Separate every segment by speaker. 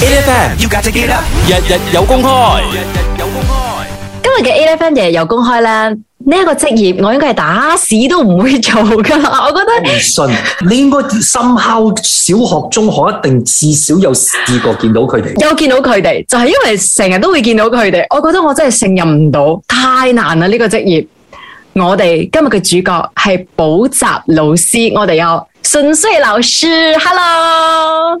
Speaker 1: A. F. Fan，you got to get up，日日、mm hmm.
Speaker 2: 有公開，今日嘅 A. F. Fan 日日有公開啦。呢一，yeah, 個職業，我應該係打死都唔會做噶。我覺得唔
Speaker 1: 信，你應該深烤小學、中學，一定至少有試過見到佢哋。有
Speaker 2: 見到佢哋？就係、是、因為成日都會見到佢哋。我覺得我真係勝任唔到，太難啦呢、這個職業。我哋今日嘅主角係補習老師，我哋有 Soon Sooi 老師，Hello。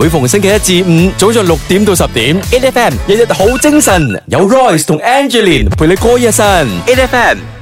Speaker 1: 每逢星期一至五，早上六點到十點，A F M 日日好精神，有 Royce 同 Angeline 陪你過一晨，A F M。